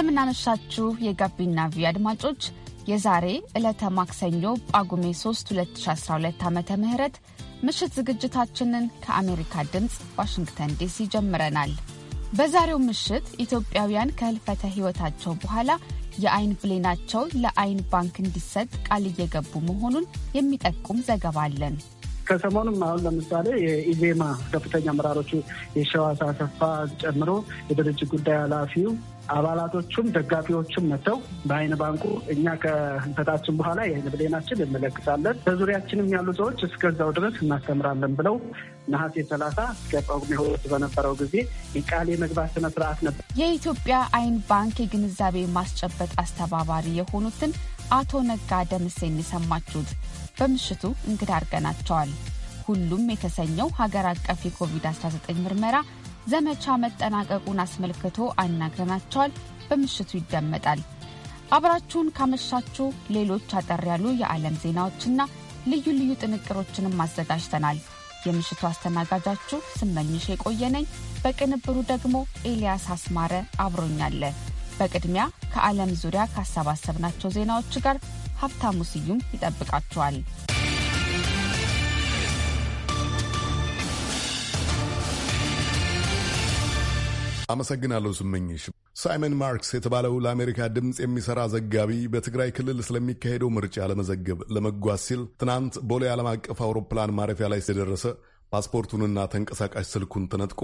እንደምናመሻችሁ የጋቢና ቪ አድማጮች የዛሬ ዕለተ ማክሰኞ ጳጉሜ 3 2012 ዓ ምህረት ምሽት ዝግጅታችንን ከአሜሪካ ድምፅ ዋሽንግተን ዲሲ ጀምረናል። በዛሬው ምሽት ኢትዮጵያውያን ከህልፈተ ሕይወታቸው በኋላ የአይን ብሌናቸው ለአይን ባንክ እንዲሰጥ ቃል እየገቡ መሆኑን የሚጠቁም ዘገባ አለን። ከሰሞኑም አሁን ለምሳሌ የኢዜማ ከፍተኛ አመራሮቹ የሸዋስ አሰፋ ጨምሮ የድርጅት ጉዳይ ኃላፊው አባላቶቹም ደጋፊዎቹም መጥተው በአይነ ባንኩ እኛ ከህንፈታችን በኋላ የአይን ብሌናችን እንመለከታለን፣ በዙሪያችንም ያሉ ሰዎች እስከዛው ድረስ እናስተምራለን ብለው ነሐሴ ሰላሳ እስከ ጳጉሜ ሁለት በነበረው ጊዜ የቃል የመግባት ስነስርዓት ነበር። የኢትዮጵያ አይን ባንክ የግንዛቤ ማስጨበጥ አስተባባሪ የሆኑትን አቶ ነጋ ደምሴን የሰማችሁት በምሽቱ እንግዳ አድርገናቸዋል። ሁሉም የተሰኘው ሀገር አቀፍ የኮቪድ-19 ምርመራ ዘመቻ መጠናቀቁን አስመልክቶ አናግረናቸዋል። በምሽቱ ይደመጣል። አብራችሁን ካመሻችሁ ሌሎች አጠር ያሉ የዓለም ዜናዎችና ልዩ ልዩ ጥንቅሮችንም አዘጋጅተናል። የምሽቱ አስተናጋጃችሁ ስመኝሽ የቆየነኝ፣ በቅንብሩ ደግሞ ኤልያስ አስማረ አብሮኛለ። በቅድሚያ ከዓለም ዙሪያ ካሰባሰብናቸው ዜናዎች ጋር ሀብታሙ ስዩም ይጠብቃችኋል። አመሰግናለሁ ስመኝሽ። ሳይመን ማርክስ የተባለው ለአሜሪካ ድምፅ የሚሰራ ዘጋቢ በትግራይ ክልል ስለሚካሄደው ምርጫ ለመዘገብ ለመጓዝ ሲል ትናንት ቦሌ ዓለም አቀፍ አውሮፕላን ማረፊያ ላይ የደረሰ ፓስፖርቱንና ተንቀሳቃሽ ስልኩን ተነጥቆ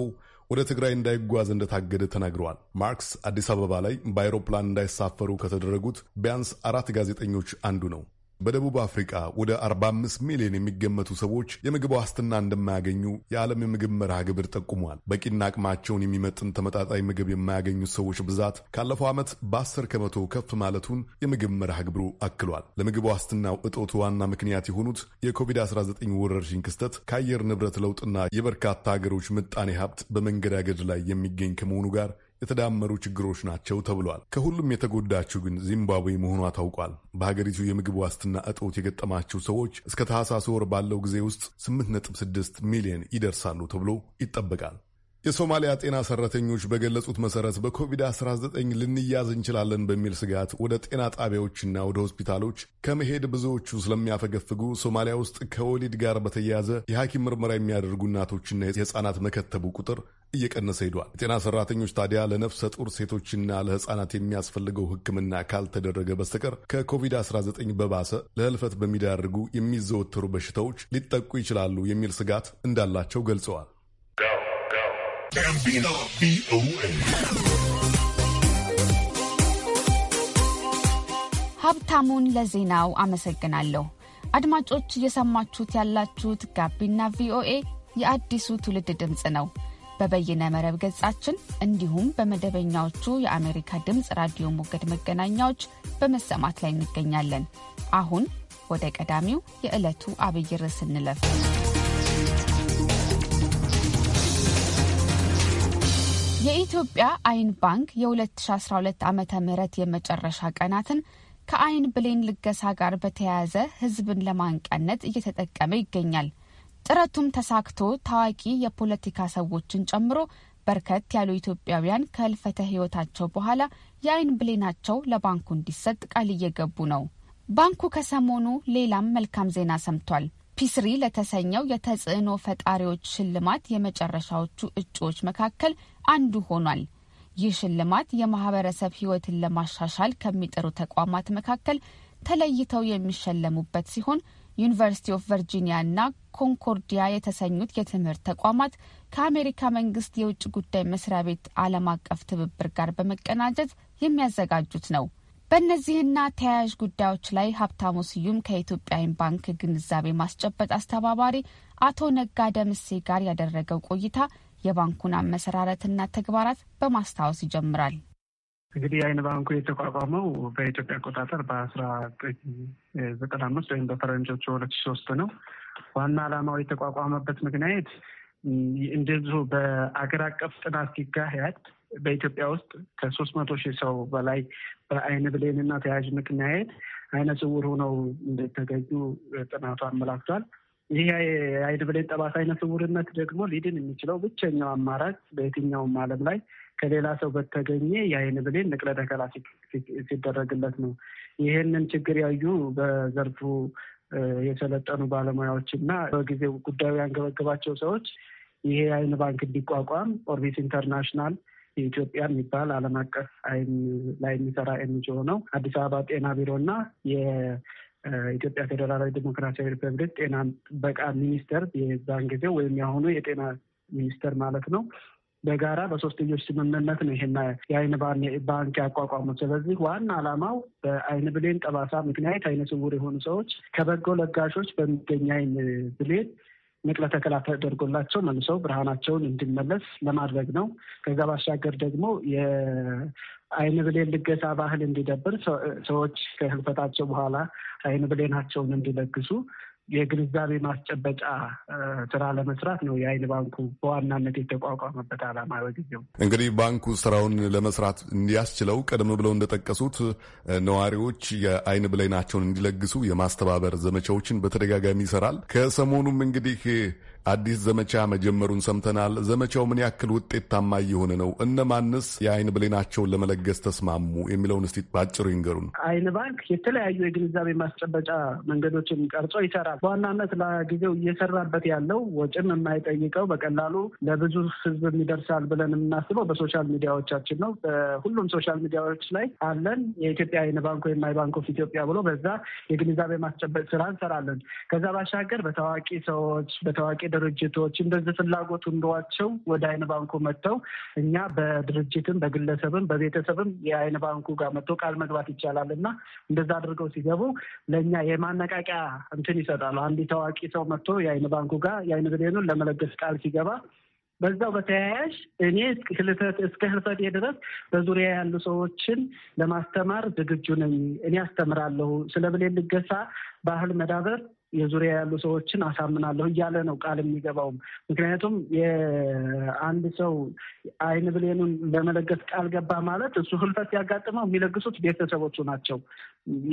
ወደ ትግራይ እንዳይጓዝ እንደታገደ ተናግረዋል። ማርክስ አዲስ አበባ ላይ በአይሮፕላን እንዳይሳፈሩ ከተደረጉት ቢያንስ አራት ጋዜጠኞች አንዱ ነው። በደቡብ አፍሪቃ ወደ 45 ሚሊዮን የሚገመቱ ሰዎች የምግብ ዋስትና እንደማያገኙ የዓለም የምግብ መርሃ ግብር ጠቁሟል። በቂና አቅማቸውን የሚመጥን ተመጣጣኝ ምግብ የማያገኙት ሰዎች ብዛት ካለፈው ዓመት በ10 ከመቶ ከፍ ማለቱን የምግብ መርሃ ግብሩ አክሏል። ለምግብ ዋስትናው እጦት ዋና ምክንያት የሆኑት የኮቪድ-19 ወረርሽኝ ክስተት ከአየር ንብረት ለውጥና የበርካታ ሀገሮች ምጣኔ ሀብት በመንገዳገድ ላይ የሚገኝ ከመሆኑ ጋር የተዳመሩ ችግሮች ናቸው ተብሏል። ከሁሉም የተጎዳችው ግን ዚምባብዌ መሆኗ ታውቋል። በሀገሪቱ የምግብ ዋስትና እጦት የገጠማቸው ሰዎች እስከ ታህሳስ ወር ባለው ጊዜ ውስጥ 8.6 ሚሊዮን ይደርሳሉ ተብሎ ይጠበቃል። የሶማሊያ ጤና ሰራተኞች በገለጹት መሰረት በኮቪድ-19 ልንያዝ እንችላለን በሚል ስጋት ወደ ጤና ጣቢያዎችና ወደ ሆስፒታሎች ከመሄድ ብዙዎቹ ስለሚያፈገፍጉ ሶማሊያ ውስጥ ከወሊድ ጋር በተያያዘ የሐኪም ምርመራ የሚያደርጉ እናቶችና የሕፃናት መከተቡ ቁጥር እየቀነሰ ሄዷል። የጤና ሰራተኞች ታዲያ ለነፍሰ ጡር ሴቶችና ለሕፃናት የሚያስፈልገው ሕክምና ካልተደረገ በስተቀር ከኮቪድ-19 በባሰ ለህልፈት በሚዳርጉ የሚዘወተሩ በሽታዎች ሊጠቁ ይችላሉ የሚል ስጋት እንዳላቸው ገልጸዋል። ጋቢና ቪኦኤ ሀብታሙን ለዜናው አመሰግናለሁ። አድማጮች እየሰማችሁት ያላችሁት ጋቢና ቪኦኤ የአዲሱ ትውልድ ድምፅ ነው። በበይነ መረብ ገጻችን እንዲሁም በመደበኛዎቹ የአሜሪካ ድምፅ ራዲዮ ሞገድ መገናኛዎች በመሰማት ላይ እንገኛለን። አሁን ወደ ቀዳሚው የዕለቱ አብይ ርዕስ እንለፍ። የኢትዮጵያ አይን ባንክ የ2012 ዓ ም የመጨረሻ ቀናትን ከአይን ብሌን ልገሳ ጋር በተያያዘ ህዝብን ለማንቀነት እየተጠቀመ ይገኛል። ጥረቱም ተሳክቶ ታዋቂ የፖለቲካ ሰዎችን ጨምሮ በርከት ያሉ ኢትዮጵያውያን ከህልፈተ ህይወታቸው በኋላ የአይን ብሌናቸው ለባንኩ እንዲሰጥ ቃል እየገቡ ነው። ባንኩ ከሰሞኑ ሌላም መልካም ዜና ሰምቷል። ፒስሪ ለተሰኘው የተጽዕኖ ፈጣሪዎች ሽልማት የመጨረሻዎቹ እጩዎች መካከል አንዱ ሆኗል። ይህ ሽልማት የማህበረሰብ ህይወትን ለማሻሻል ከሚጥሩ ተቋማት መካከል ተለይተው የሚሸለሙበት ሲሆን ዩኒቨርሲቲ ኦፍ እና ኮንኮርዲያ የተሰኙት የትምህርት ተቋማት ከአሜሪካ መንግስት የውጭ ጉዳይ መስሪያ ቤት ዓለም አቀፍ ትብብር ጋር በመቀናጀት የሚያዘጋጁት ነው። በእነዚህና ተያያዥ ጉዳዮች ላይ ሀብታሙ ስዩም ከኢትዮጵያ ባንክ ግንዛቤ ማስጨበጥ አስተባባሪ አቶ ነጋ ደምሴ ጋር ያደረገው ቆይታ የባንኩን አመሰራረትና ተግባራት በማስታወስ ይጀምራል። እንግዲህ የአይን ባንኩ የተቋቋመው በኢትዮጵያ አቆጣጠር በአስራ ዘጠና አምስት ወይም በፈረንጆቹ ሁለት ሺህ ሶስት ነው። ዋና ዓላማው የተቋቋመበት ምክንያት እንደዚሁ በአገር አቀፍ ጥናት ሲካሄድ በኢትዮጵያ ውስጥ ከሶስት መቶ ሺህ ሰው በላይ በአይን ብሌን እና ተያያዥ ምክንያት አይነ ስውር ሆነው እንደተገኙ ጥናቱ አመላክቷል። ይህ የአይን ብሌን ጠባሳ አይነ ስውርነት ደግሞ ሊድን የሚችለው ብቸኛው አማራጭ በየትኛውም ዓለም ላይ ከሌላ ሰው በተገኘ የአይን ብሌን ንቅለ ተከላ ሲደረግለት ነው። ይህንን ችግር ያዩ በዘርፉ የሰለጠኑ ባለሙያዎች እና በጊዜው ጉዳዩ ያንገበገባቸው ሰዎች ይሄ አይን ባንክ እንዲቋቋም ኦርቢት ኢንተርናሽናል የኢትዮጵያ የሚባል ዓለም አቀፍ አይን ላይ የሚሰራ ኤንጂኦ ነው። አዲስ አበባ ጤና ቢሮና የኢትዮጵያ ፌዴራላዊ ዲሞክራሲያዊ ሪፐብሊክ ጤና ጥበቃ ሚኒስቴር የዛን ጊዜ ወይም የአሁኑ የጤና ሚኒስቴር ማለት ነው በጋራ በሶስትዮሽ ስምምነት ነው ይሄን የአይን ባንክ ያቋቋሙት። ስለዚህ ዋና አላማው በአይን ብሌን ጠባሳ ምክንያት አይነ ስውር የሆኑ ሰዎች ከበጎ ለጋሾች በሚገኝ አይን ብሌን ንቅለ ተከላ ተደርጎላቸው መልሰው ብርሃናቸውን እንዲመለስ ለማድረግ ነው። ከዛ ባሻገር ደግሞ የአይን ብሌን ልገሳ ባህል እንዲደብር ሰዎች ከህልፈታቸው በኋላ አይን ብሌናቸውን እንዲለግሱ የግንዛቤ ማስጨበጫ ስራ ለመስራት ነው የአይን ባንኩ በዋናነት የተቋቋመበት ዓላማ። በጊዜው እንግዲህ ባንኩ ስራውን ለመስራት እንዲያስችለው ቀደም ብለው እንደጠቀሱት ነዋሪዎች የአይን ብሌናቸውን እንዲለግሱ የማስተባበር ዘመቻዎችን በተደጋጋሚ ይሰራል። ከሰሞኑም እንግዲህ አዲስ ዘመቻ መጀመሩን ሰምተናል። ዘመቻው ምን ያክል ውጤታማ እየሆነ ነው? እነማንስ የአይን ብሌናቸውን ለመለገስ ተስማሙ? የሚለውን እስቲ ባጭሩ ይንገሩን። አይን ባንክ የተለያዩ የግንዛቤ ማስጨበጫ መንገዶችን ቀርጾ ይሰራል። በዋናነት ለጊዜው እየሰራበት ያለው ወጪም የማይጠይቀው በቀላሉ ለብዙ ህዝብ ይደርሳል ብለን የምናስበው በሶሻል ሚዲያዎቻችን ነው። በሁሉም ሶሻል ሚዲያዎች ላይ አለን። የኢትዮጵያ አይን ባንክ ወይም አይ ባንክ ኦፍ ኢትዮጵያ ብሎ በዛ የግንዛቤ ማስጨበጥ ስራ እንሰራለን። ከዛ ባሻገር በታዋቂ ሰዎች በታዋቂ ድርጅቶች እንደዚህ ፍላጎት እንደዋቸው ወደ አይን ባንኩ መጥተው እኛ በድርጅትም በግለሰብም በቤተሰብም የአይን ባንኩ ጋር መጥተው ቃል መግባት ይቻላል እና እንደዛ አድርገው ሲገቡ ለእኛ የማነቃቂያ እንትን ይሰጣሉ። አንድ ታዋቂ ሰው መጥቶ የአይን ባንኩ ጋር የአይን ብሌኑን ለመለገስ ቃል ሲገባ በዛው በተያያዥ እኔ ህልፈት እስከ ህልፈቴ ድረስ በዙሪያ ያሉ ሰዎችን ለማስተማር ዝግጁ ነኝ። እኔ አስተምራለሁ። ስለ ብሌን ልገሳ ባህል መዳበር የዙሪያ ያሉ ሰዎችን አሳምናለሁ እያለ ነው ቃል የሚገባውም። ምክንያቱም የአንድ ሰው አይን ብሌኑን ለመለገስ ቃል ገባ ማለት እሱ ህልፈት ያጋጥመው የሚለግሱት ቤተሰቦቹ ናቸው።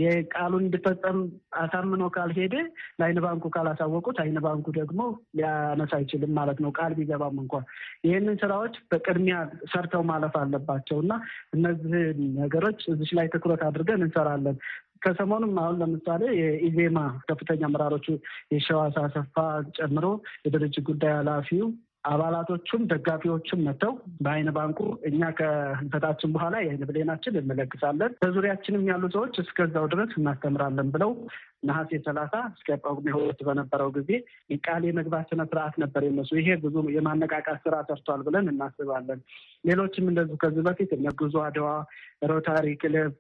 የቃሉን እንዲፈጸም አሳምኖ ካልሄደ ለአይን ባንኩ ካላሳወቁት አይን ባንኩ ደግሞ ሊያነሳ አይችልም ማለት ነው። ቃል ቢገባም እንኳን ይህንን ስራዎች በቅድሚያ ሰርተው ማለፍ አለባቸው እና እነዚህ ነገሮች እዚች ላይ ትኩረት አድርገን እንሰራለን። ከሰሞኑም አሁን ለምሳሌ የኢዜማ ከፍተኛ አመራሮቹ የሸዋስ አሰፋ ጨምሮ የድርጅት ጉዳይ ኃላፊው አባላቶቹም ደጋፊዎቹም መጥተው በአይነ ባንኩ እኛ ከህንፈታችን በኋላ የአይን ብሌናችን እንለግሳለን፣ በዙሪያችንም ያሉ ሰዎች እስከዛው ድረስ እናስተምራለን ብለው ነሐሴ ሰላሳ እስከ ጳጉሜ ሁለት በነበረው ጊዜ ቃል የመግባት ስነ ስርዓት ነበር የነሱ። ይሄ ብዙ የማነቃቃት ስራ ሰርቷል ብለን እናስባለን። ሌሎችም እንደዚሁ ከዚህ በፊት ጉዞ አድዋ፣ ሮታሪ ክለብ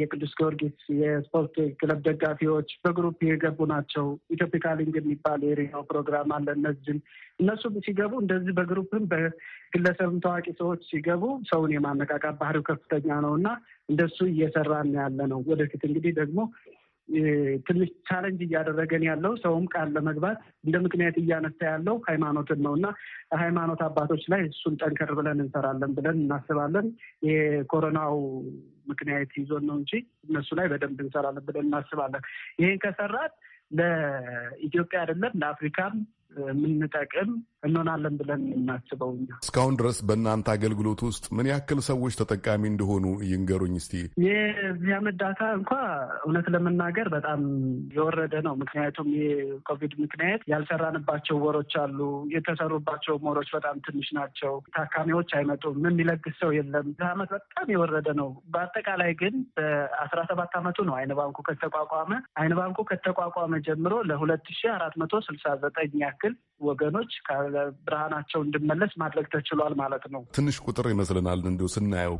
የቅዱስ ጊዮርጊስ የስፖርት ክለብ ደጋፊዎች በግሩፕ የገቡ ናቸው። ኢትዮፒካ ሊንግ የሚባል የሬዲዮ ፕሮግራም አለ። እነዚህም እነሱም ሲገቡ እንደዚህ በግሩፕም በግለሰብም ታዋቂ ሰዎች ሲገቡ ሰውን የማነቃቃት ባህሪው ከፍተኛ ነው እና እንደሱ እየሰራን ያለ ነው። ወደፊት እንግዲህ ደግሞ ትንሽ ቻለንጅ እያደረገን ያለው ሰውም ቃል ለመግባት እንደ ምክንያት እያነሳ ያለው ሃይማኖትን ነው እና ሃይማኖት አባቶች ላይ እሱን ጠንከር ብለን እንሰራለን ብለን እናስባለን። የኮሮናው ምክንያት ይዞን ነው እንጂ እነሱ ላይ በደንብ እንሰራለን ብለን እናስባለን። ይህን ከሰራት ለኢትዮጵያ አይደለም ለአፍሪካም የምንጠቅም እንሆናለን ብለን የምናስበው እኛ። እስካሁን ድረስ በእናንተ አገልግሎት ውስጥ ምን ያክል ሰዎች ተጠቃሚ እንደሆኑ ይንገሩኝ እስቲ። የዚህ ዓመት ዳታ እንኳ እውነት ለመናገር በጣም የወረደ ነው። ምክንያቱም የኮቪድ ምክንያት ያልሰራንባቸው ወሮች አሉ። የተሰሩባቸው ወሮች በጣም ትንሽ ናቸው። ታካሚዎች አይመጡም። የሚለግስ ሰው የለም። ዚህ አመት በጣም የወረደ ነው። በአጠቃላይ ግን በአስራ ሰባት ዓመቱ ነው አይን ባንኩ ከተቋቋመ። አይን ባንኩ ከተቋቋመ ጀምሮ ለሁለት ሺ አራት መቶ ስልሳ ዘጠኝ ያክል ያክል ወገኖች ከብርሃናቸው እንድመለስ ማድረግ ተችሏል ማለት ነው። ትንሽ ቁጥር ይመስልናል እንዲሁ ስናየው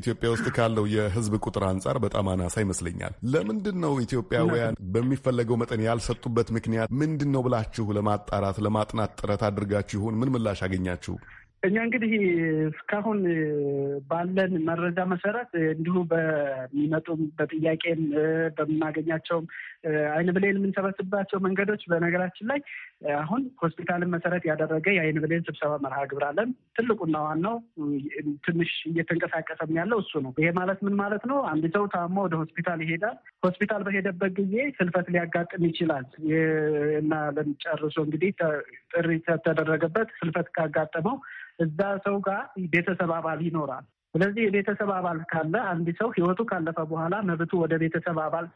ኢትዮጵያ ውስጥ ካለው የሕዝብ ቁጥር አንጻር በጣም አናሳ ይመስለኛል። ለምንድን ነው ኢትዮጵያውያን በሚፈለገው መጠን ያልሰጡበት ምክንያት ምንድን ነው ብላችሁ ለማጣራት ለማጥናት ጥረት አድርጋችሁ ይሆን? ምን ምላሽ አገኛችሁ? እኛ እንግዲህ እስካሁን ባለን መረጃ መሰረት እንዲሁ በሚመጡም በጥያቄም በምናገኛቸውም አይን ብሌን የምንሰበስባቸው መንገዶች በነገራችን ላይ አሁን ሆስፒታልን መሰረት ያደረገ የአይን ብሌን ስብሰባ መርሃ ግብር አለን። ትልቁና ዋናው ትንሽ እየተንቀሳቀሰም ያለው እሱ ነው። ይሄ ማለት ምን ማለት ነው? አንድ ሰው ታሞ ወደ ሆስፒታል ይሄዳል። ሆስፒታል በሄደበት ጊዜ ስልፈት ሊያጋጥም ይችላል እና ለሚጨርሶ እንግዲህ ጥሪ ተደረገበት ስልፈት ካጋጠመው እዛ ሰው ጋር ቤተሰብ አባል ይኖራል። ስለዚህ የቤተሰብ አባል ካለ አንድ ሰው ህይወቱ ካለፈ በኋላ መብቱ ወደ ቤተሰብ አባል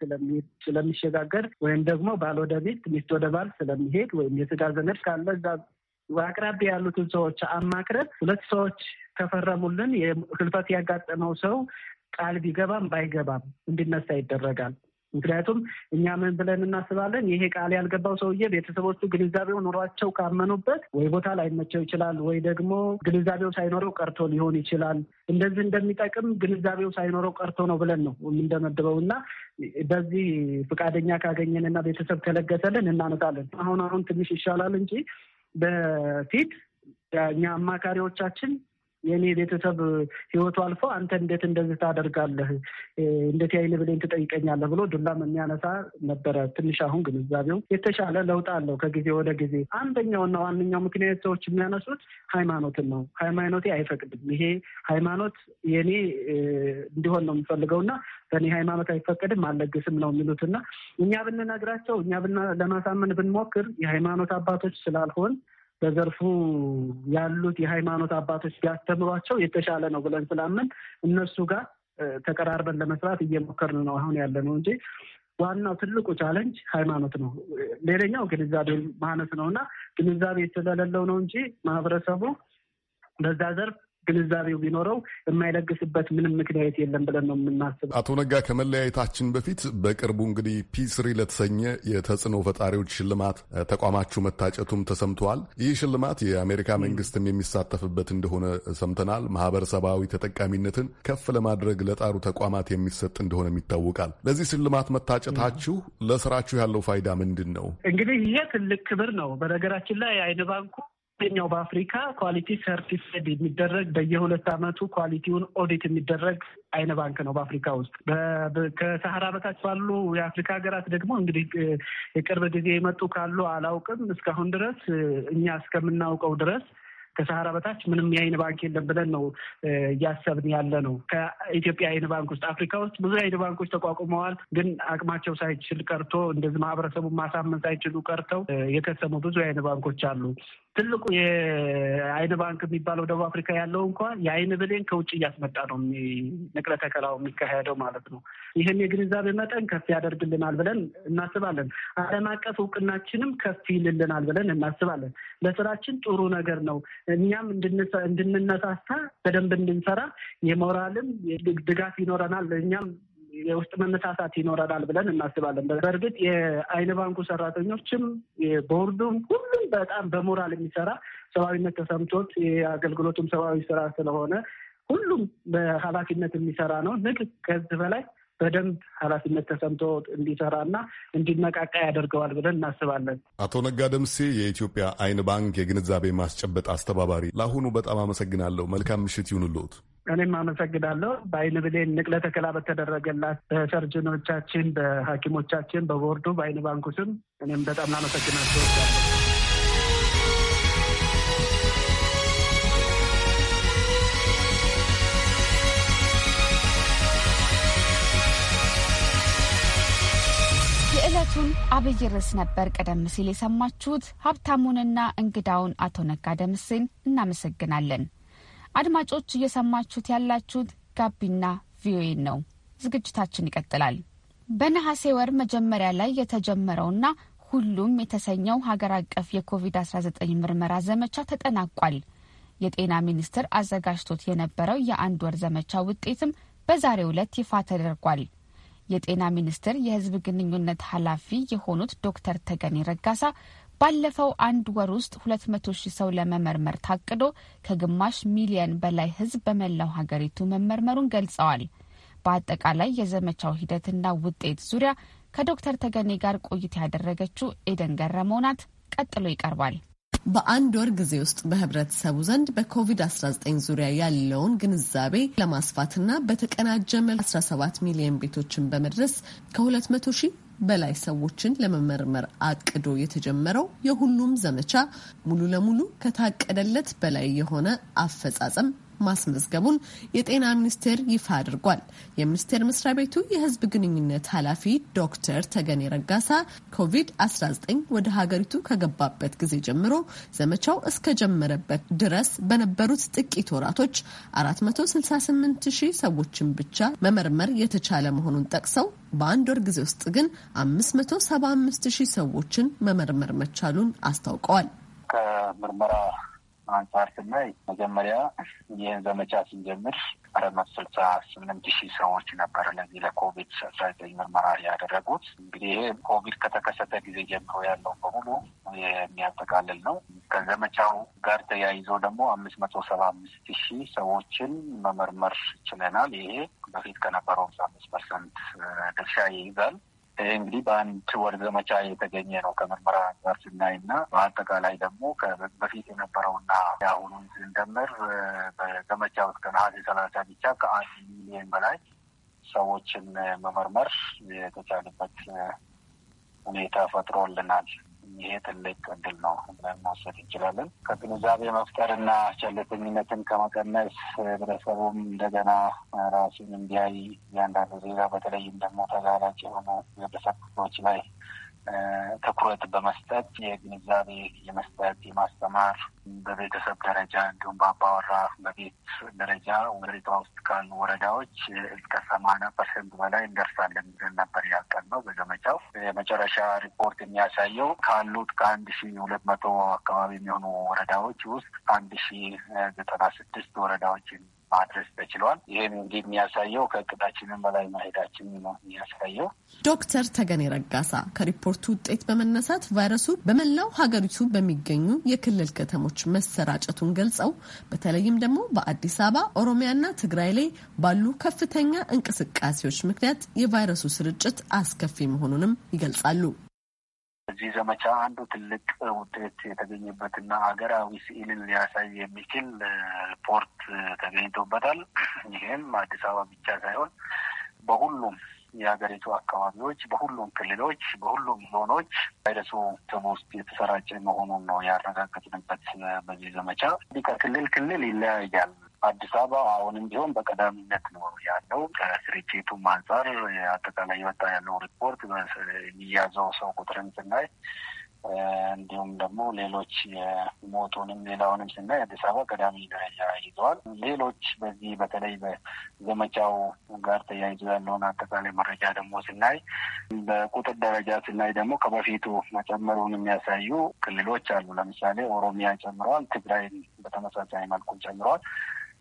ስለሚሸጋገር ወይም ደግሞ ባል ወደ ሚስት፣ ሚስት ወደ ባል ስለሚሄድ ወይም የስጋ ዘመድ ካለ እዛ አቅራቢያ ያሉትን ሰዎች አማክረት ሁለት ሰዎች ከፈረሙልን ህልፈት ያጋጠመው ሰው ቃል ቢገባም ባይገባም እንዲነሳ ይደረጋል። ምክንያቱም እኛ ምን ብለን እናስባለን? ይሄ ቃል ያልገባው ሰውዬ ቤተሰቦቹ ግንዛቤው ኑሯቸው ካመኑበት ወይ ቦታ ላይመቸው ይችላል፣ ወይ ደግሞ ግንዛቤው ሳይኖረው ቀርቶ ሊሆን ይችላል። እንደዚህ እንደሚጠቅም ግንዛቤው ሳይኖረው ቀርቶ ነው ብለን ነው የምንደመድበው እና በዚህ ፈቃደኛ ካገኘን እና ቤተሰብ ከለገሰልን እናመጣለን። አሁን አሁን ትንሽ ይሻላል እንጂ በፊት እኛ አማካሪዎቻችን የእኔ ቤተሰብ ህይወቱ አልፎ አንተ እንዴት እንደዚህ ታደርጋለህ እንዴት ያይል ብለኝ ትጠይቀኛለህ ብሎ ዱላም የሚያነሳ ነበረ። ትንሽ አሁን ግንዛቤው የተሻለ ለውጥ አለው ከጊዜ ወደ ጊዜ። አንደኛውና ዋነኛው ምክንያት ሰዎች የሚያነሱት ሃይማኖትን ነው። ሃይማኖቴ አይፈቅድም፣ ይሄ ሃይማኖት የእኔ እንዲሆን ነው እና በእኔ ሃይማኖት አይፈቅድም አለግስም ነው የሚሉትና እኛ ብንነግራቸው እኛ ለማሳመን ብንሞክር የሃይማኖት አባቶች ስላልሆን በዘርፉ ያሉት የሃይማኖት አባቶች ቢያስተምሯቸው የተሻለ ነው ብለን ስላምን እነሱ ጋር ተቀራርበን ለመስራት እየሞከርን ነው አሁን ያለ ነው እንጂ ዋናው ትልቁ ቻለንጅ ሃይማኖት ነው። ሌላኛው ግንዛቤ ማነስ ነው እና ግንዛቤ ስለሌለው ነው እንጂ ማህበረሰቡ በዛ ዘርፍ ግንዛቤው ቢኖረው የማይለግስበት ምንም ምክንያት የለም ብለን ነው የምናስበው። አቶ ነጋ፣ ከመለያየታችን በፊት በቅርቡ እንግዲህ ፒስሪ ለተሰኘ የተጽዕኖ ፈጣሪዎች ሽልማት ተቋማችሁ መታጨቱም ተሰምተዋል። ይህ ሽልማት የአሜሪካ መንግስትም የሚሳተፍበት እንደሆነ ሰምተናል። ማህበረሰባዊ ተጠቃሚነትን ከፍ ለማድረግ ለጣሩ ተቋማት የሚሰጥ እንደሆነም ይታወቃል። ለዚህ ሽልማት መታጨታችሁ ለስራችሁ ያለው ፋይዳ ምንድን ነው? እንግዲህ ይሄ ትልቅ ክብር ነው። በነገራችን ላይ አይን ባንኩ ሁለተኛው በአፍሪካ ኳሊቲ ሰርቲፋይድ የሚደረግ በየሁለት ዓመቱ ኳሊቲውን ኦዲት የሚደረግ አይነ ባንክ ነው በአፍሪካ ውስጥ። ከሰሃራ በታች ባሉ የአፍሪካ ሀገራት ደግሞ እንግዲህ የቅርብ ጊዜ የመጡ ካሉ አላውቅም። እስካሁን ድረስ እኛ እስከምናውቀው ድረስ ከሰሃራ በታች ምንም የአይን ባንክ የለም ብለን ነው እያሰብን ያለ ነው። ከኢትዮጵያ አይን ባንክ ውስጥ አፍሪካ ውስጥ ብዙ አይን ባንኮች ተቋቁመዋል። ግን አቅማቸው ሳይችል ቀርቶ እንደዚህ ማህበረሰቡን ማሳመን ሳይችሉ ቀርተው የከሰሙ ብዙ አይን ባንኮች አሉ። ትልቁ የአይን ባንክ የሚባለው ደቡብ አፍሪካ ያለው እንኳን የአይን ብሌን ከውጭ እያስመጣ ነው ንቅለ ተከላው የሚካሄደው ማለት ነው። ይህን የግንዛቤ መጠን ከፍ ያደርግልናል ብለን እናስባለን። ዓለም አቀፍ እውቅናችንም ከፍ ይልልናል ብለን እናስባለን። ለስራችን ጥሩ ነገር ነው። እኛም እንድንነሳሳ በደንብ እንድንሰራ የሞራልም ድጋፍ ይኖረናል። እኛም የውስጥ መነሳሳት ይኖረናል ብለን እናስባለን። በእርግጥ የአይን ባንኩ ሰራተኞችም ቦርዱም ሁሉም በጣም በሞራል የሚሰራ ሰብአዊነት ተሰምቶት የአገልግሎቱም ሰብአዊ ስራ ስለሆነ ሁሉም በኃላፊነት የሚሰራ ነው። ንግ ከዚህ በላይ በደንብ ኃላፊነት ተሰምቶ እንዲሰራና እንዲነቃቃ ያደርገዋል ብለን እናስባለን። አቶ ነጋ ደምሴ የኢትዮጵያ አይን ባንክ የግንዛቤ ማስጨበጥ አስተባባሪ፣ ለአሁኑ በጣም አመሰግናለሁ። መልካም ምሽት ይሁንልዎት። እኔም አመሰግናለሁ። በአይን ብሌን ንቅለ ተከላ በተደረገላት በሰርጅኖቻችን፣ በሐኪሞቻችን፣ በቦርዱ፣ በአይን ባንኩ ስም እኔም በጣም ላመሰግናቸው የዕለቱን አብይ ርዕስ ነበር ቀደም ሲል የሰማችሁት። ሀብታሙንና እንግዳውን አቶ ነጋ ደምሴን እናመሰግናለን። አድማጮች እየሰማችሁት ያላችሁት ጋቢና ቪኦኤ ነው። ዝግጅታችን ይቀጥላል። በነሐሴ ወር መጀመሪያ ላይ የተጀመረውና ሁሉም የተሰኘው ሀገር አቀፍ የኮቪድ-19 ምርመራ ዘመቻ ተጠናቋል። የጤና ሚኒስቴር አዘጋጅቶት የነበረው የአንድ ወር ዘመቻ ውጤትም በዛሬው ዕለት ይፋ ተደርጓል። የጤና ሚኒስቴር የሕዝብ ግንኙነት ኃላፊ የሆኑት ዶክተር ተገኔ ረጋሳ ባለፈው አንድ ወር ውስጥ 200 መቶ ሺህ ሰው ለመመርመር ታቅዶ ከግማሽ ሚሊየን በላይ ህዝብ በመላው ሀገሪቱ መመርመሩን ገልጸዋል። በአጠቃላይ የዘመቻው ሂደትና ውጤት ዙሪያ ከዶክተር ተገኔ ጋር ቆይታ ያደረገችው ኤደን ገረመው ናት። ቀጥሎ ይቀርባል። በአንድ ወር ጊዜ ውስጥ በህብረተሰቡ ዘንድ በኮቪድ-19 ዙሪያ ያለውን ግንዛቤ ለማስፋትና በተቀናጀ መልክ 17 ሚሊዮን ቤቶችን በመድረስ ከ200 ሺህ በላይ ሰዎችን ለመመርመር አቅዶ የተጀመረው የሁሉም ዘመቻ ሙሉ ለሙሉ ከታቀደለት በላይ የሆነ አፈጻጸም ማስመዝገቡን የጤና ሚኒስቴር ይፋ አድርጓል። የሚኒስቴር መስሪያ ቤቱ የህዝብ ግንኙነት ኃላፊ ዶክተር ተገኔ ረጋሳ ኮቪድ-19 ወደ ሀገሪቱ ከገባበት ጊዜ ጀምሮ ዘመቻው እስከጀመረበት ድረስ በነበሩት ጥቂት ወራቶች ሺህ ሰዎችን ብቻ መመርመር የተቻለ መሆኑን ጠቅሰው በአንድ ወር ጊዜ ውስጥ ግን 575000 ሰዎችን መመርመር መቻሉን አስታውቀዋል። ከምርመራ አንጻር ስናይ መጀመሪያ ይህን ዘመቻ ስንጀምር አረመት ስልሳ ስምንት ሺህ ሰዎች ነበር ለዚህ ለኮቪድ አስራ ዘጠኝ ምርመራ ያደረጉት። እንግዲህ ይሄ ኮቪድ ከተከሰተ ጊዜ ጀምሮ ያለው በሙሉ የሚያጠቃልል ነው። ከዘመቻው ጋር ተያይዞ ደግሞ አምስት መቶ ሰባ አምስት ሺህ ሰዎችን መመርመር ችለናል። ይሄ በፊት ከነበረው አምስት ፐርሰንት ድርሻ ይይዛል። ይሄ እንግዲህ በአንድ ወር ዘመቻ የተገኘ ነው ከምርመራ ጋር ስናይ እና በአጠቃላይ ደግሞ በፊት የነበረውና የአሁኑን ስንደምር በዘመቻ ውስጥ ነሐሴ ሰላሳ ብቻ ከአንድ ሚሊዮን በላይ ሰዎችን መመርመር የተቻለበት ሁኔታ ፈጥሮልናል። ይሄ ትልቅ እድል ነው ብለን ማሰብ እንችላለን። ከግንዛቤ መፍጠርና ቸልተኝነትን ከመቀነስ ህብረተሰቡም እንደገና ራሱን እንዲያይ እያንዳንዱ ዜጋ በተለይም ደግሞ ተጋላጭ የሆኑ ህብረተሰብ ክፍሎች ላይ ትኩረት በመስጠት የግንዛቤ የመስጠት የማስተማር በቤተሰብ ደረጃ እንዲሁም በአባወራ በቤት ደረጃ ወረዳ ውስጥ ካሉ ወረዳዎች እስከ ሰማንያ ፐርሰንት በላይ እንደርሳለን ብለን ነበር ያቀድነው በዘመቻው። የመጨረሻ ሪፖርት የሚያሳየው ካሉት ከአንድ ሺ ሁለት መቶ አካባቢ የሚሆኑ ወረዳዎች ውስጥ አንድ ሺ ዘጠና ስድስት ወረዳዎችን ማድረስ ተችሏል። ይህም እንግዲህ የሚያሳየው ከእቅዳችንን በላይ ማሄዳችን ነው የሚያሳየው። ዶክተር ተገኔ ረጋሳ ከሪፖርቱ ውጤት በመነሳት ቫይረሱ በመላው ሀገሪቱ በሚገኙ የክልል ከተሞች መሰራጨቱን ገልጸው በተለይም ደግሞ በአዲስ አበባ፣ ኦሮሚያና ትግራይ ላይ ባሉ ከፍተኛ እንቅስቃሴዎች ምክንያት የቫይረሱ ስርጭት አስከፊ መሆኑንም ይገልጻሉ። በዚህ ዘመቻ አንዱ ትልቅ ውጤት የተገኘበትና ሀገራዊ ስዕልን ሊያሳይ የሚችል ሪፖርት ተገኝቶበታል። ይህም አዲስ አበባ ብቻ ሳይሆን በሁሉም የሀገሪቱ አካባቢዎች፣ በሁሉም ክልሎች፣ በሁሉም ዞኖች ቫይረሱ ትቦ ውስጥ የተሰራጨ መሆኑን ነው ያረጋገጥንበት። በዚህ ዘመቻ ከክልል ክልል ይለያያል። አዲስ አበባ አሁንም ቢሆን በቀዳሚነት ነው ያለው። ከስርጭቱም አንጻር አጠቃላይ የወጣ ያለው ሪፖርት የሚያዘው ሰው ቁጥርን ስናይ እንዲሁም ደግሞ ሌሎች የሞቱንም ሌላውንም ስናይ አዲስ አበባ ቀዳሚ ደረጃ ይዘዋል። ሌሎች በዚህ በተለይ በዘመቻው ጋር ተያይዞ ያለውን አጠቃላይ መረጃ ደግሞ ስናይ በቁጥር ደረጃ ስናይ ደግሞ ከበፊቱ መጨመሩን የሚያሳዩ ክልሎች አሉ። ለምሳሌ ኦሮሚያ ጨምረዋል። ትግራይን በተመሳሳይ መልኩ ጨምረዋል።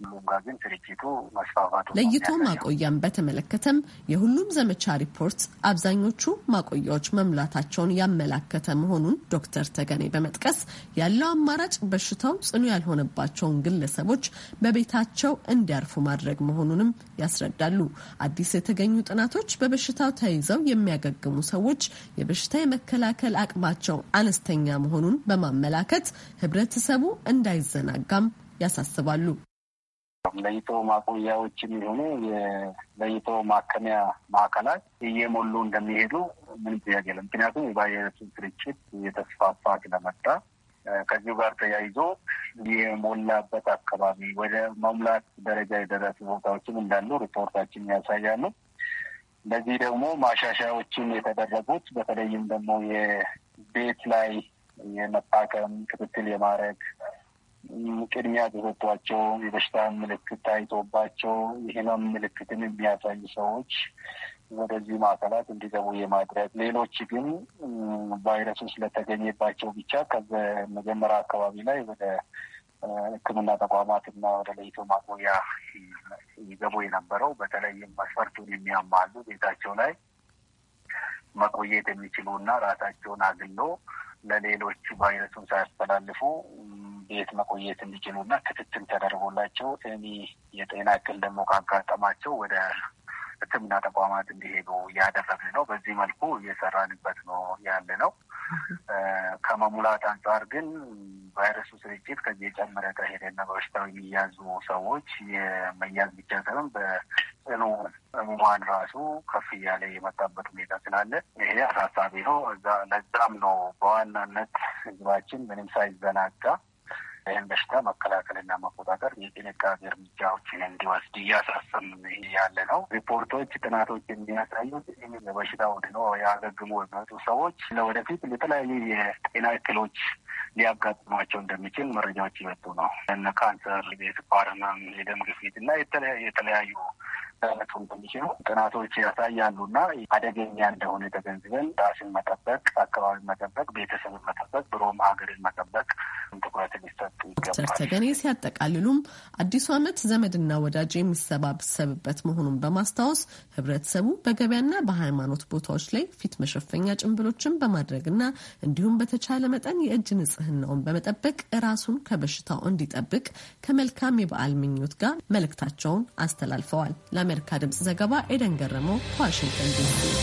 ሁሉም ግን መስፋፋቱ ለይቶ ማቆያም በተመለከተም የሁሉም ዘመቻ ሪፖርት አብዛኞቹ ማቆያዎች መሙላታቸውን ያመላከተ መሆኑን ዶክተር ተገኔ በመጥቀስ ያለው አማራጭ በሽታው ጽኑ ያልሆነባቸውን ግለሰቦች በቤታቸው እንዲያርፉ ማድረግ መሆኑንም ያስረዳሉ። አዲስ የተገኙ ጥናቶች በበሽታው ተይዘው የሚያገግሙ ሰዎች የበሽታ የመከላከል አቅማቸው አነስተኛ መሆኑን በማመላከት ሕብረተሰቡ እንዳይዘናጋም ያሳስባሉ። ለይቶ ማቆያዎች የሚሆኑ ለይቶ ማከሚያ ማዕከላት እየሞሉ እንደሚሄዱ ምንም ጥያቄ የለም። ምክንያቱም የቫይረሱን ስርጭት እየተስፋፋ ስለመጣ ከዚሁ ጋር ተያይዞ የሞላበት አካባቢ ወደ መሙላት ደረጃ የደረሱ ቦታዎችም እንዳሉ ሪፖርታችን ያሳያሉ። እንደዚህ ደግሞ ማሻሻያዎችን የተደረጉት በተለይም ደግሞ የቤት ላይ የመታከም ክትትል የማድረግ ቅድሚያ ተሰጥቷቸው የበሽታ ምልክት ታይቶባቸው የህመም ምልክትን የሚያሳዩ ሰዎች ወደዚህ ማዕከላት እንዲገቡ የማድረግ ሌሎች ግን ቫይረሱ ስለተገኘባቸው ብቻ ከመጀመሪያ አካባቢ ላይ ወደ ሕክምና ተቋማትና ወደ ለይቶ ማቆያ ይገቡ የነበረው በተለይም መስፈርቱን የሚያማሉ ቤታቸው ላይ መቆየት የሚችሉ እና ራሳቸውን አግሎ ለሌሎች ቫይረሱን ሳያስተላልፉ ቤት መቆየት እንዲችሉ እና ክትትል ተደርጎላቸው እኒ የጤና እክል ደግሞ ካጋጠማቸው ወደ ሕክምና ተቋማት እንዲሄዱ እያደረግን ነው። በዚህ መልኩ እየሰራንበት ነው ያለ ነው። ከመሙላት አንጻር ግን ቫይረሱ ስርጭት ከዚህ የጨመረ ከሄደና በበሽታው የሚያዙ ሰዎች የመያዝ ብቻ ሳይሆን በጽኑ ህሙማን ራሱ ከፍ እያለ የመጣበት ሁኔታ ስላለ ይሄ አሳሳቢ ነው። ለዛም ነው በዋናነት ህዝባችን ምንም ሳይዘናጋ ይህን በሽታ መከላከልና መቆጣጠር የጥንቃቄ እርምጃዎችን እንዲወስድ እያሳሰም ያለ ነው። ሪፖርቶች፣ ጥናቶች የሚያሳዩት ይህ በሽታው ድነው ያገግሙ የሚወጡ ሰዎች ለወደፊት ለተለያዩ የጤና እክሎች ሊያጋጥሟቸው እንደሚችል መረጃዎች እየወጡ ነው። እነ ካንሰር፣ የስኳር ህመም፣ የደም ግፊት እና የተለያዩ ሊያጋለጡ እንደሚችሉ ጥናቶች ያሳያሉና አደገኛ እንደሆነ ተገንዝበን ራስን መጠበቅ፣ አካባቢን መጠበቅ፣ ቤተሰብን መጠበቅ፣ ብሮም ሀገርን መጠበቅ ዶክተር ተገኔ ሲያጠቃልሉም አዲሱ ዓመት ዘመድና ወዳጅ የሚሰባሰብበት መሆኑን በማስታወስ ህብረተሰቡ በገበያና በሃይማኖት ቦታዎች ላይ ፊት መሸፈኛ ጭንብሎችን በማድረግና እንዲሁም በተቻለ መጠን የእጅ ንጽህናውን በመጠበቅ ራሱን ከበሽታው እንዲጠብቅ ከመልካም የበዓል ምኞት ጋር መልእክታቸውን አስተላልፈዋል። ለአሜሪካ ድምጽ ዘገባ ኤደን ገረመው ከዋሽንግተን ዲሲ።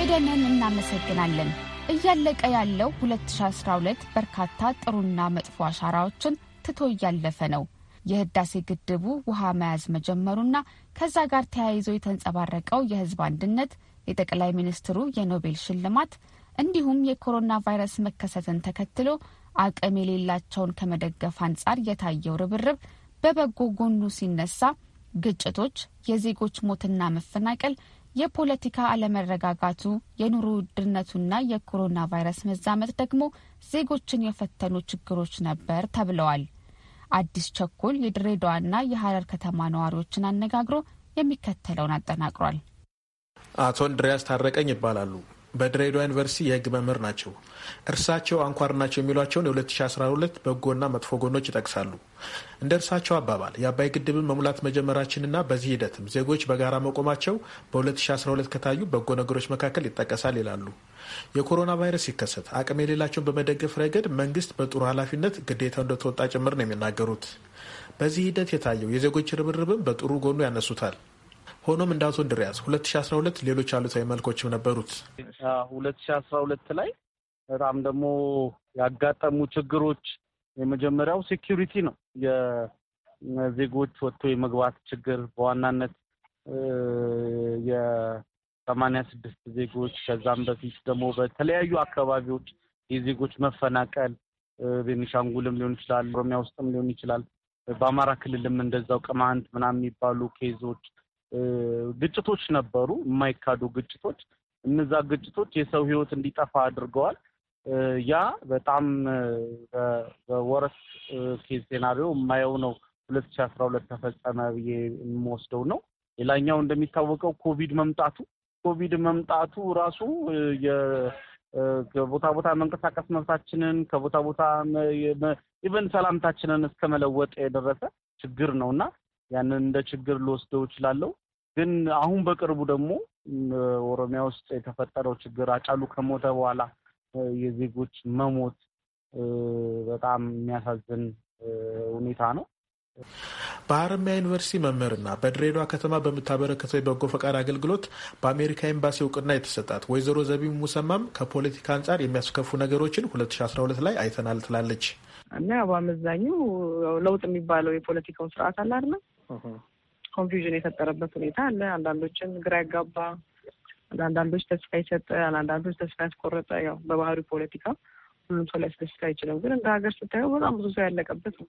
ኤደንን እናመሰግናለን። እያለቀ ያለው 2012 በርካታ ጥሩና መጥፎ አሻራዎችን ትቶ እያለፈ ነው። የህዳሴ ግድቡ ውሃ መያዝ መጀመሩና ከዛ ጋር ተያይዞ የተንጸባረቀው የህዝብ አንድነት፣ የጠቅላይ ሚኒስትሩ የኖቤል ሽልማት እንዲሁም የኮሮና ቫይረስ መከሰትን ተከትሎ አቅም የሌላቸውን ከመደገፍ አንጻር የታየው ርብርብ በበጎ ጎኑ ሲነሳ ግጭቶች፣ የዜጎች ሞትና መፈናቀል የፖለቲካ አለመረጋጋቱ፣ የኑሮ ውድነቱና የኮሮና ቫይረስ መዛመት ደግሞ ዜጎችን የፈተኑ ችግሮች ነበር ተብለዋል። አዲስ ቸኮል የድሬዳዋና የሀረር ከተማ ነዋሪዎችን አነጋግሮ የሚከተለውን አጠናቅሯል። አቶ እንድሪያስ ታረቀኝ ይባላሉ። በድሬዳዋ ዩኒቨርሲቲ የህግ መምህር ናቸው። እርሳቸው አንኳር ናቸው የሚሏቸውን የ2012 በጎና መጥፎ ጎኖች ይጠቅሳሉ። እንደ እርሳቸው አባባል የአባይ ግድብን መሙላት መጀመራችንና በዚህ ሂደትም ዜጎች በጋራ መቆማቸው በ2012 ከታዩ በጎ ነገሮች መካከል ይጠቀሳል ይላሉ። የኮሮና ቫይረስ ሲከሰት አቅም የሌላቸውን በመደገፍ ረገድ መንግስት በጥሩ ኃላፊነት ግዴታው እንደተወጣ ጭምር ነው የሚናገሩት። በዚህ ሂደት የታየው የዜጎች ርብርብም በጥሩ ጎኑ ያነሱታል። ሆኖም እንደ አቶ እንድሪያስ ሁለት ሺ አስራ ሁለት ሌሎች አሉታዊ መልኮችም ነበሩት። ሁለት ሺ አስራ ሁለት ላይ በጣም ደግሞ ያጋጠሙ ችግሮች የመጀመሪያው ሴኪሪቲ ነው። የዜጎች ወጥቶ የመግባት ችግር በዋናነት የሰማንያ ስድስት ዜጎች ከዛም በፊት ደግሞ በተለያዩ አካባቢዎች የዜጎች መፈናቀል ቤኒሻንጉልም ሊሆን ይችላል፣ ኦሮሚያ ውስጥም ሊሆን ይችላል፣ በአማራ ክልልም እንደዛው ቅማንት ምናምን የሚባሉ ኬዞች ግጭቶች ነበሩ፣ የማይካዱ ግጭቶች። እነዛ ግጭቶች የሰው ህይወት እንዲጠፋ አድርገዋል። ያ በጣም በወረስ ኬዝ ሴናሪዮ የማየው ነው። ሁለት ሺ አስራ ሁለት ተፈጸመ ብዬ የምወስደው ነው። ሌላኛው እንደሚታወቀው ኮቪድ መምጣቱ ኮቪድ መምጣቱ ራሱ ከቦታ ቦታ መንቀሳቀስ መብታችንን ከቦታ ቦታ ኢቨን ሰላምታችንን እስከ መለወጥ የደረሰ ችግር ነው እና ያንን እንደ ችግር ልወስደው እችላለሁ። ግን አሁን በቅርቡ ደግሞ ኦሮሚያ ውስጥ የተፈጠረው ችግር አጫሉ ከሞተ በኋላ የዜጎች መሞት በጣም የሚያሳዝን ሁኔታ ነው። በሀረማያ ዩኒቨርሲቲ መምህርና በድሬዳዋ ከተማ በምታበረከተው የበጎ ፈቃድ አገልግሎት በአሜሪካ ኤምባሲ እውቅና የተሰጣት ወይዘሮ ዘቢብ ሙሰማም ከፖለቲካ አንጻር የሚያስከፉ ነገሮችን 2012 ላይ አይተናል ትላለች እና በአመዛኙ ለውጥ የሚባለው የፖለቲካው ስርዓት አለ አይደለም ኮንፊውዥን የፈጠረበት ሁኔታ አለ። አንዳንዶችን ግራ ያጋባ፣ አንዳንዶች ተስፋ የሰጠ፣ አንዳንዶች ተስፋ ያስቆረጠ። ያው በባህሪ ፖለቲካ ሁሉም ሰው ሊያስደስት አይችልም። ግን እንደ ሀገር ስታየው በጣም ብዙ ሰው ያለቀበት ነው።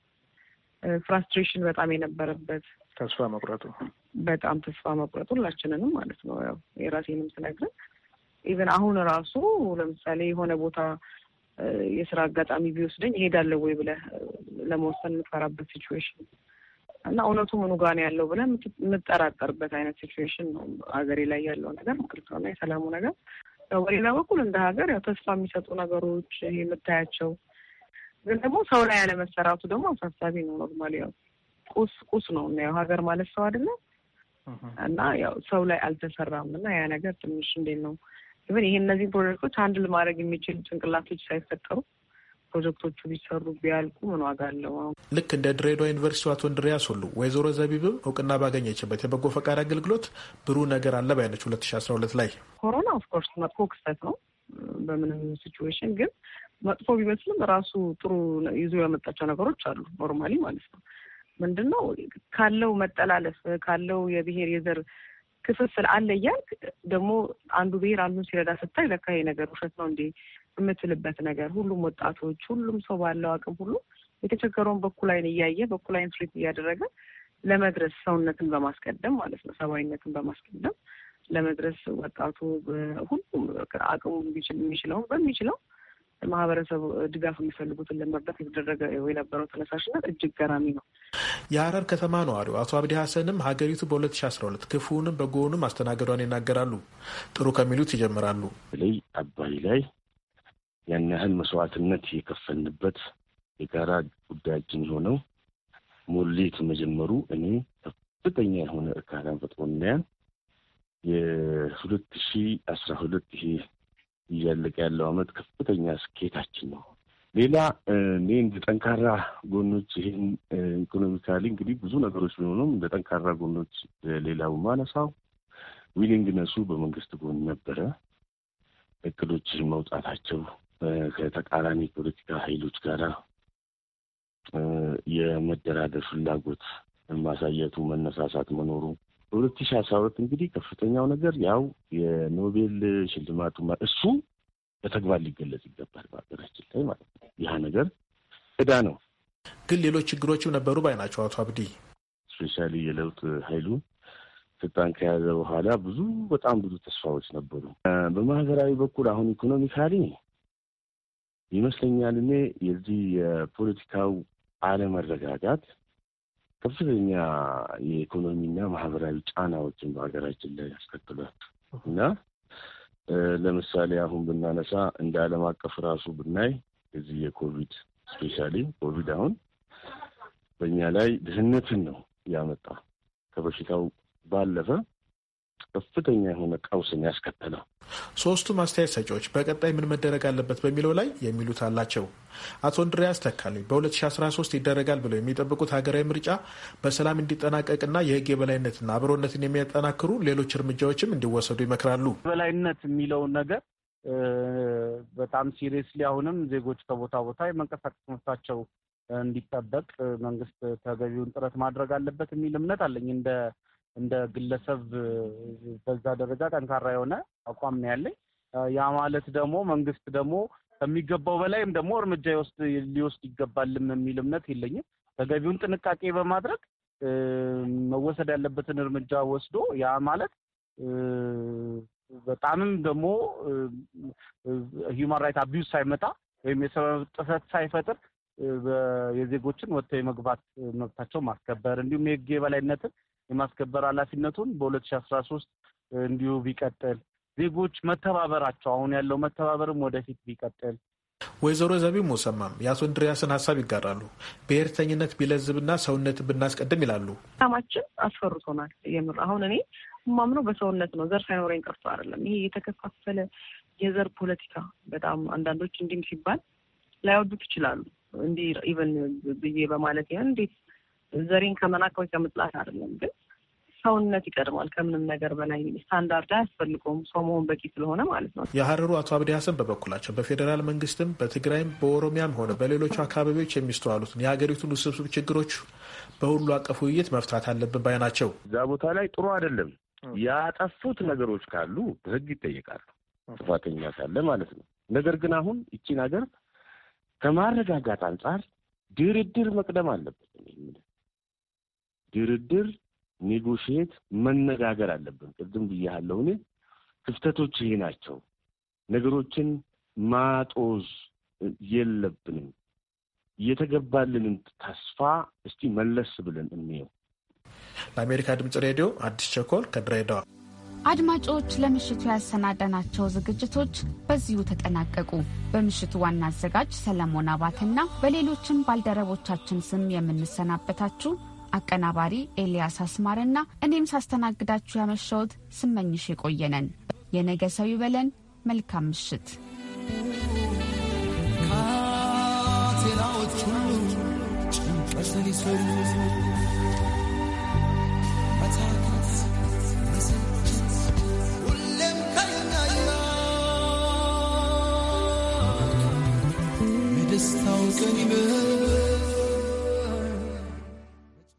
ፍራስትሬሽን በጣም የነበረበት ተስፋ መቁረጡ በጣም ተስፋ መቁረጡ ሁላችንንም ማለት ነው። ያው የራሴንም ስነግርህ ኢቨን አሁን ራሱ ለምሳሌ የሆነ ቦታ የስራ አጋጣሚ ቢወስደኝ ይሄዳለ ወይ ብለህ ለመወሰን የምትፈራበት ሲቹዌሽን እና እውነቱ ምኑ ጋን ነው ያለው ብለን የምጠራጠርበት አይነት ሲትዌሽን ነው ሀገሬ ላይ ያለው ነገር ማለት ነው የሰላሙ ነገር በሌላ በኩል እንደ ሀገር ያው ተስፋ የሚሰጡ ነገሮች ይሄ የምታያቸው ግን ደግሞ ሰው ላይ ያለመሰራቱ ደግሞ አሳሳቢ ነው። ኖርማል ያው ቁስ ቁስ ነው እና ያው ሀገር ማለት ሰው አይደለም እና ያው ሰው ላይ አልተሰራም እና ያ ነገር ትንሽ እንዴት ነው ይሄ እነዚህ ፕሮጀክቶች አንድ ልማድረግ የሚችል ጭንቅላቶች ሳይፈጠሩ ፕሮጀክቶቹ ቢሰሩ ቢያልቁ ምን ዋጋ አለው? ልክ እንደ ድሬዳዋ ዩኒቨርሲቲ አቶ እንድሪያስ ሁሉ ወይዘሮ ዘቢብም እውቅና ባገኘችበት የበጎ ፈቃድ አገልግሎት ብሩ ነገር አለ ባይነች ሁለት ሺ አስራ ሁለት ላይ ኮሮና ኦፍኮርስ መጥፎ ክስተት ነው በምንም ሲቹዌሽን ግን መጥፎ ቢመስልም ራሱ ጥሩ ይዞ ያመጣቸው ነገሮች አሉ። ኖርማሊ ማለት ነው ምንድን ነው ካለው መጠላለፍ ካለው የብሄር የዘር ክፍፍል አለ እያልክ ደግሞ አንዱ ብሄር አንዱን ሲረዳ ስታይ ለካ ይሄ ነገር ውሸት ነው እንዴ የምትልበት ነገር ሁሉም ወጣቶች፣ ሁሉም ሰው ባለው አቅም ሁሉ የተቸገረውን በኩል አይን እያየ በኩላይን ትሪት እያደረገ ለመድረስ ሰውነትን በማስቀደም ማለት ነው ሰብአዊነትን በማስቀደም ለመድረስ ወጣቱ ሁሉም አቅሙ የሚችለውን በሚችለው ማህበረሰቡ ድጋፍ የሚፈልጉትን ለመርዳት የተደረገ የነበረው ተነሳሽነት እጅግ ገራሚ ነው። የሀረር ከተማ ነዋሪው አቶ አብዲ ሀሰንም ሀገሪቱ በ2012 ክፉውንም በጎውንም ማስተናገዷን ይናገራሉ። ጥሩ ከሚሉት ይጀምራሉ። በተለይ አባይ ላይ ያን ያህል መስዋዕትነት የከፈልንበት የጋራ ጉዳያችን የሆነው ሙሌት መጀመሩ እኔ ከፍተኛ የሆነ እርካታን ፈጥሮናያን የሁለት ሺ አስራ ሁለት ይሄ እያለቀ ያለው አመት ከፍተኛ ስኬታችን ነው። ሌላ እኔ እንደ ጠንካራ ጎኖች ይህን ኢኮኖሚካሊ እንግዲህ ብዙ ነገሮች ቢሆኑም እንደ ጠንካራ ጎኖች ሌላው ማነሳው ዊሊንግነሱ በመንግስት ጎን ነበረ። እቅዶችን መውጣታቸው ከተቃራኒ ፖለቲካ ኃይሎች ጋር የመደራደር ፍላጎት ማሳየቱ መነሳሳት መኖሩ በሁለት ሺ አስራ ሁለት እንግዲህ ከፍተኛው ነገር ያው የኖቤል ሽልማቱ እሱ በተግባር ሊገለጽ ይገባል በሀገራችን ላይ ማለት ነው። ይህ ነገር እዳ ነው። ግን ሌሎች ችግሮችም ነበሩ ባይ ናቸው አቶ አብዲ። ስፔሻሊ የለውጥ ኃይሉ ስልጣን ከያዘ በኋላ ብዙ በጣም ብዙ ተስፋዎች ነበሩ። በማህበራዊ በኩል አሁን ኢኮኖሚካሊ ይመስለኛል። እኔ የዚህ የፖለቲካው አለመረጋጋት ከፍተኛ የኢኮኖሚና ማህበራዊ ጫናዎችን በሀገራችን ላይ ያስከትሏል እና ለምሳሌ አሁን ብናነሳ እንደ ዓለም አቀፍ ራሱ ብናይ እዚህ የኮቪድ ስፔሻሊ ኮቪድ አሁን በእኛ ላይ ድህነትን ነው ያመጣ ከበሽታው ባለፈ ከፍተኛ የሆነ ቀውስን ያስከተለው። ሶስቱም አስተያየት ሰጪዎች በቀጣይ ምን መደረግ አለበት በሚለው ላይ የሚሉት አላቸው። አቶ እንድሪያስ ተካልኝ በ2013 ይደረጋል ብለው የሚጠብቁት ሀገራዊ ምርጫ በሰላም እንዲጠናቀቅና የህግ የበላይነትና አብሮነትን የሚያጠናክሩ ሌሎች እርምጃዎችም እንዲወሰዱ ይመክራሉ። የበላይነት የሚለውን ነገር በጣም ሲሪየስሊ አሁንም ዜጎች ከቦታ ቦታ የመንቀሳቀስ መብታቸው እንዲጠበቅ መንግስት ተገቢውን ጥረት ማድረግ አለበት የሚል እምነት አለኝ እንደ እንደ ግለሰብ በዛ ደረጃ ጠንካራ የሆነ አቋም ነው ያለኝ። ያ ማለት ደግሞ መንግስት ደግሞ ከሚገባው በላይም ደግሞ እርምጃ ይወስድ ሊወስድ ይገባልም የሚል እምነት የለኝም። ተገቢውን ጥንቃቄ በማድረግ መወሰድ ያለበትን እርምጃ ወስዶ ያ ማለት በጣምም ደግሞ ሂውማን ራይት አቢዩስ ሳይመጣ ወይም የሰብአዊ መብት ጥሰት ሳይፈጥር የዜጎችን ወጥተው የመግባት መብታቸው ማስከበር እንዲሁም የህግ የበላይነትን የማስከበር ኃላፊነቱን በ2013 እንዲሁ ቢቀጥል ዜጎች መተባበራቸው አሁን ያለው መተባበርም ወደፊት ቢቀጥል ወይዘሮ ዘቢ ሞሰማም የአቶ እንድሪያስን ሀሳብ ይጋራሉ። ብሔርተኝነት ቢለዝብና ሰውነት ብናስቀድም ይላሉ። ዓላማችን አስፈርቶናል። የምር አሁን እኔ ማምነው በሰውነት ነው። ዘር ሳይኖረኝ ቀርቶ አይደለም። ይሄ የተከፋፈለ የዘር ፖለቲካ በጣም አንዳንዶች እንዲህም ሲባል ላይወዱት ይችላሉ። እንዲህ ኢቨን ብዬ በማለት ይሆን እንዴት ዘሬን ከመናቅ ከምጥላት ከመጥላት አይደለም፣ ግን ሰውነት ይቀድማል ከምንም ነገር በላይ ስታንዳርድ አያስፈልገውም ሰው መሆን በቂ ስለሆነ ማለት ነው። የሀረሩ አቶ አብዲ ሀሰን በበኩላቸው በፌዴራል መንግስትም በትግራይም በኦሮሚያም ሆነ በሌሎቹ አካባቢዎች የሚስተዋሉትን የሀገሪቱን ውስብስብ ችግሮች በሁሉ አቀፍ ውይይት መፍታት አለብን ባይ ናቸው። እዛ ቦታ ላይ ጥሩ አይደለም። ያጠፉት ነገሮች ካሉ በህግ ይጠየቃሉ፣ ጥፋተኛ ካለ ማለት ነው። ነገር ግን አሁን እቺን ሀገር ከማረጋጋት አንጻር ድርድር መቅደም አለበት። ድርድር፣ ኔጎሽየት፣ መነጋገር አለብን። ቅድም ብያለሁ እኔ ክፍተቶች ይሄ ናቸው። ነገሮችን ማጦዝ የለብንም። የተገባልንን ተስፋ እስቲ መለስ ብለን እንየው። ለአሜሪካ ድምጽ ሬዲዮ አዲስ ቸኮል ከድሬዳዋ። አድማጮች ለምሽቱ ያሰናዳናቸው ዝግጅቶች በዚሁ ተጠናቀቁ። በምሽቱ ዋና አዘጋጅ ሰለሞን አባትና በሌሎችም ባልደረቦቻችን ስም የምንሰናበታችሁ አቀናባሪ ኤልያስ አስማርና እኔም ሳስተናግዳችሁ ያመሸሁት ስመኝሽ የቆየነን። የነገ ሰው ይበለን። መልካም ምሽት። ካቴናዎች ሁሉ ጭንቀትን ሁሌም ከኛ የደስታው ቀን